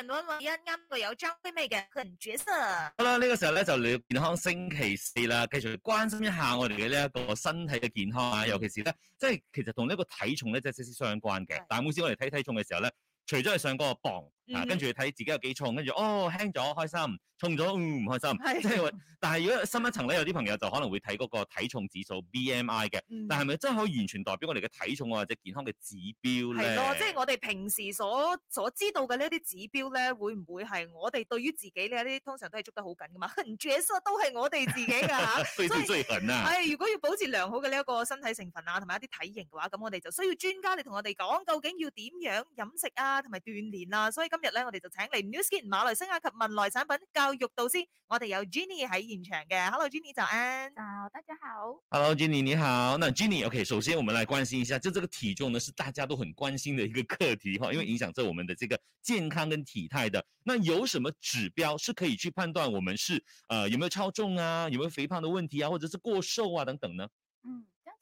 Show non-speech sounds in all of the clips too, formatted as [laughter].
一啱啱有張飛咩嘅狠角色，好啦，呢、這個時候咧就嚟健康星期四啦，繼續關心一下我哋嘅呢一個身體嘅健康啊，尤其是咧，即係其實同呢個體重咧即係息息相關嘅。但係每次我哋睇體重嘅時候咧，除咗係上嗰個磅。啊、跟住睇自己有幾重，跟住哦輕咗開心，重咗嗯、唔開心。即係但係如果深一層咧，有啲朋友就可能會睇嗰個體重指數 BMI 嘅、嗯。但係咪真係可以完全代表我哋嘅體重或者健康嘅指標咧？係咯，即係我哋平時所所知道嘅呢一啲指標咧，會唔會係我哋對於自己呢啲通常都係捉得好緊㗎嘛。唔著數都係我哋自己㗎嚇， [laughs] 所以最緊係，如果要保持良好嘅呢一個身體成分啊，同埋一啲體型嘅話，咁我哋就需要專家嚟同我哋講，究竟要點樣飲食啊，同埋鍛煉啊。所以咁。今日咧，我哋就請嚟 NewSkin 馬來西亞及文萊產品教育導師，我哋有 Jenny 喺現場嘅。Hello，Jenny 早安，大家好。Hello，Jenny 你好。那 Jenny，OK，、okay, 首先我們來關心一下，就這個體重呢，是大家都很關心的一個課題，哈，因為影響着我們的這個健康跟體態的。那有什麼指標是可以去判斷我們是，呃，有沒有超重啊，有沒有肥胖的問題啊，或者是過瘦啊等等呢？嗯。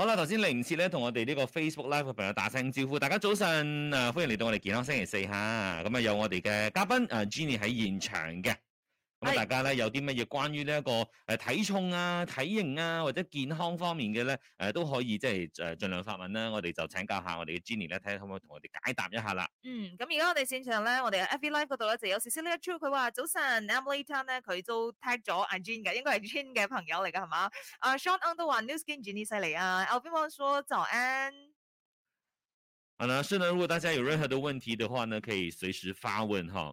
好啦，頭先嚟唔切咧同我哋呢個 Facebook Live 嘅朋友打聲招呼，大家早晨啊，歡迎嚟到我哋健康星期四下，咁啊、嗯、有我哋嘅嘉賓啊 Jenny 喺現場嘅。咁、嗯、大家咧有啲乜嘢關於呢一個誒體重啊、體型啊或者健康方面嘅咧，誒、呃、都可以即係誒盡量發問啦、啊。我哋就請教下我哋嘅 Jenny 咧，睇下可唔可以同我哋解答一下啦。嗯，咁而家我哋線上咧，我哋嘅 Every Live 嗰度咧就有條消呢一出，佢話早晨 Amberley Tan 咧佢都 tag 咗阿 Jean 嘅，應該係 Jean 嘅朋友嚟噶係嘛？啊，Sean Under One newskin Jenny 犀利啊！我比方說早安。啊，女士呢，如果大家有任何的問題嘅話呢，可以隨時發問哈。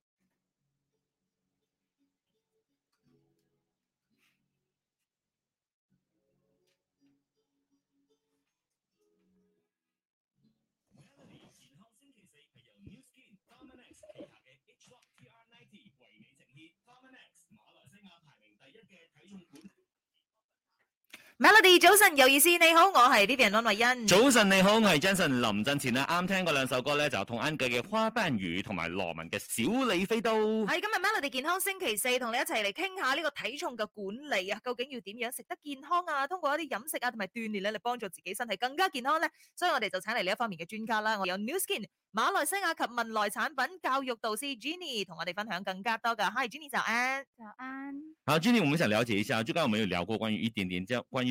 Melody 早晨有意思，你好，我係 Libian 安慧欣。早晨你好，我係 Jason。臨陣前咧，啱聽過兩首歌咧，就同安 n 嘅《花斑雨》同埋羅文嘅《小李飛刀》。喺今日 Melody 健康星期四，同你一齊嚟傾下呢個體重嘅管理啊，究竟要點樣食得健康啊？通過一啲飲食啊，同埋鍛煉咧，嚟幫助自己身體更加健康咧。所以我哋就請嚟呢一方面嘅專家啦。我有 New Skin 馬來西亞及文萊產品教育導師 j e a n y 同我哋分享更加多噶。h i j e a n y e 早安，早安。好 j e a n y 我們想了解一下，就剛才我們有聊過關於一點點，關於。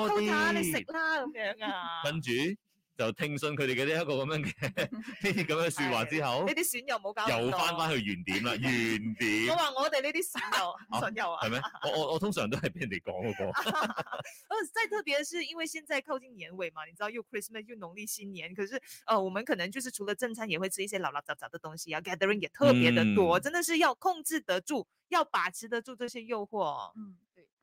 我溝下你食啦咁樣啊，跟住就聽信佢哋嘅呢一個咁樣嘅呢啲咁嘅説話之後，呢啲損友冇搞掂，又翻翻去原點啦、哎，原點。我話我哋呢啲損友、損友啊，係咩、啊？ [laughs] 我我我通常都係俾人哋講嗰個。哦、 [laughs] 啊，真係特別係因為現在靠近年尾嘛，你知道又 Christmas 又農曆新年，可是誒、呃，我們可能就是除了正餐，也會吃一些垃垃雜雜嘅東西啊，gathering 也特別的多、嗯，真的是要控制得住，要把持得住這些誘惑。嗯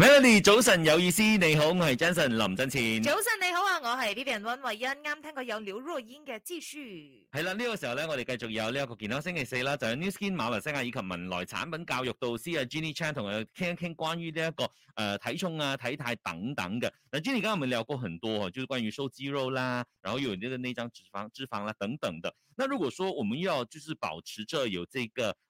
Melody，早晨有意思，你好，我係 Jason 林振前。早晨你好啊，我係 Vivian 溫慧欣，啱聽過有劉若英嘅資訊。係啦，呢、這個時候咧，我哋繼續有呢一個健康星期四啦，就係 NewSkin 馬來西亞以及文萊產品教育導師啊，Jenny Chan 同佢傾一傾關於呢、這、一個誒、呃、體重啊、體態等等嘅。那 Jenny 剛才我們聊過很多，啊，就是關於收肌肉啦，然後有呢個內臟脂肪、脂肪啦等等的。那如果說我們要就是保持着有這個。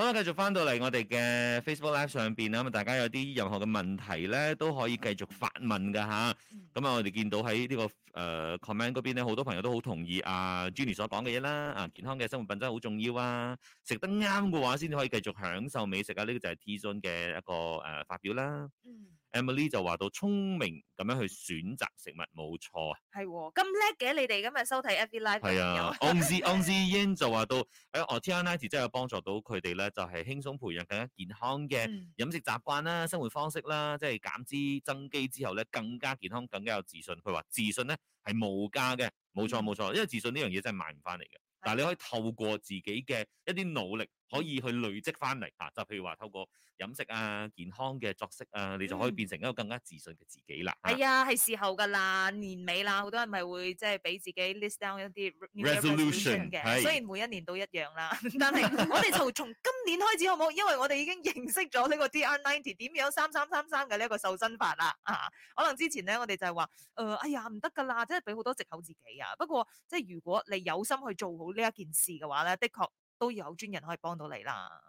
好啦，繼續翻到嚟我哋嘅 Facebook Live 上邊啊，咁大家有啲任何嘅問題咧，都可以繼續發問噶吓，咁啊，我哋見到喺呢、這個誒、呃、comment 嗰邊咧，好多朋友都好同意阿 Judy 所講嘅嘢啦。啊，健康嘅生活品質好重要啊，食得啱嘅話先可以繼續享受美食啊。呢、這個就係 T-Zone 嘅一個誒、啊、發表啦。Emily 就話到聰明咁樣去選擇食物，冇錯啊，係喎，咁叻嘅，你哋今日收睇 FB Live 係啊，On the On the e n 就話到喺 o t i a n Life 真係幫助到佢哋咧，就係輕鬆培養更加健康嘅飲食習慣啦、生活方式啦，即係減脂增肌之後咧，更加健康、更加有自信。佢話自信咧係無價嘅，冇錯冇錯、嗯，因為自信呢樣嘢真係買唔翻嚟嘅。但係你可以透過自己嘅一啲努力。可以去累積翻嚟就譬如話，透過飲食啊、健康嘅作息啊，你就可以變成一個更加自信嘅自己啦。係、嗯、啊，係時候㗎啦，年尾啦，好多人咪會即係俾自己 list down 一啲 resolution 嘅。雖然每一年都一樣啦，但係我哋從從今年開始 [laughs] 好冇，因為我哋已經認識咗呢個 Dr ninety 點樣三三三三嘅呢一個瘦身法啦。啊，可能之前咧我哋就係話、呃，哎呀唔得㗎啦，即係俾好多藉口自己啊。不過，即係如果你有心去做好呢一件事嘅話咧，的確。都有專人可以幫到你啦，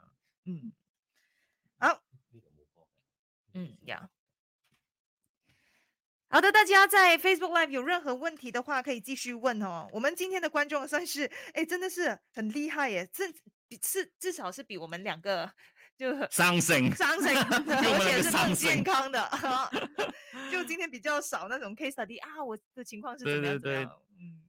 嗯，好，嗯，有，好的，大家在 Facebook Live 有任何問題的話，可以繼續問哦。我們今天的觀眾算是，哎，真的是很厲害耶，是是至少是比我們兩個就很，傷心傷心而且是更健康的， [laughs] 就今天比較少那種 case 的啊，我的情況是怎麼樣怎麼樣，嗯。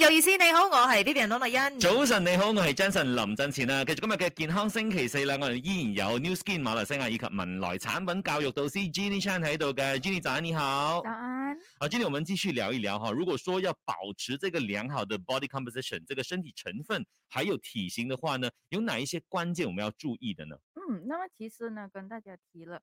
有意思，你好，我係呢邊阿董麗欣。早晨，你好，我係 Jason 林振前啦。繼續今日嘅健康星期四啦，我哋依然有 New Skin 馬來西亞以及文萊長品教育導師 j i n n y Chan 喺度嘅 j i n n y 早安你好。早安。好今 i 我們繼續聊一聊哈。如果說要保持這個良好的 body composition，這個身體成分還有體型的話呢，有哪一些關鍵我們要注意的呢？嗯，那麼其實呢，跟大家提了。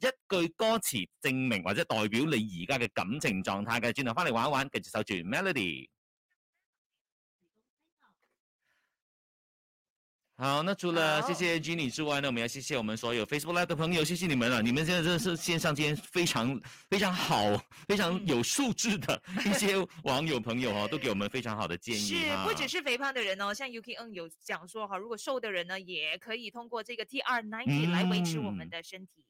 一句歌詞證明或者代表你而家嘅感情狀態嘅，轉頭翻嚟玩一玩，繼續守住 Melody。好，那除了、Hello. 謝謝 Jenny 之外，呢，我們要謝謝我們所有 Facebook Live 的朋友，謝謝你們了、啊、你們現在真是線上間非常非常好、非常有素質的一些網友朋友哦，都給我們非常好的建議 [laughs] 是，不只是肥胖的人哦，像 UKN 有講說哈，如果瘦的人呢，也可以通過這個 TR90 來維持我們嘅身體。嗯。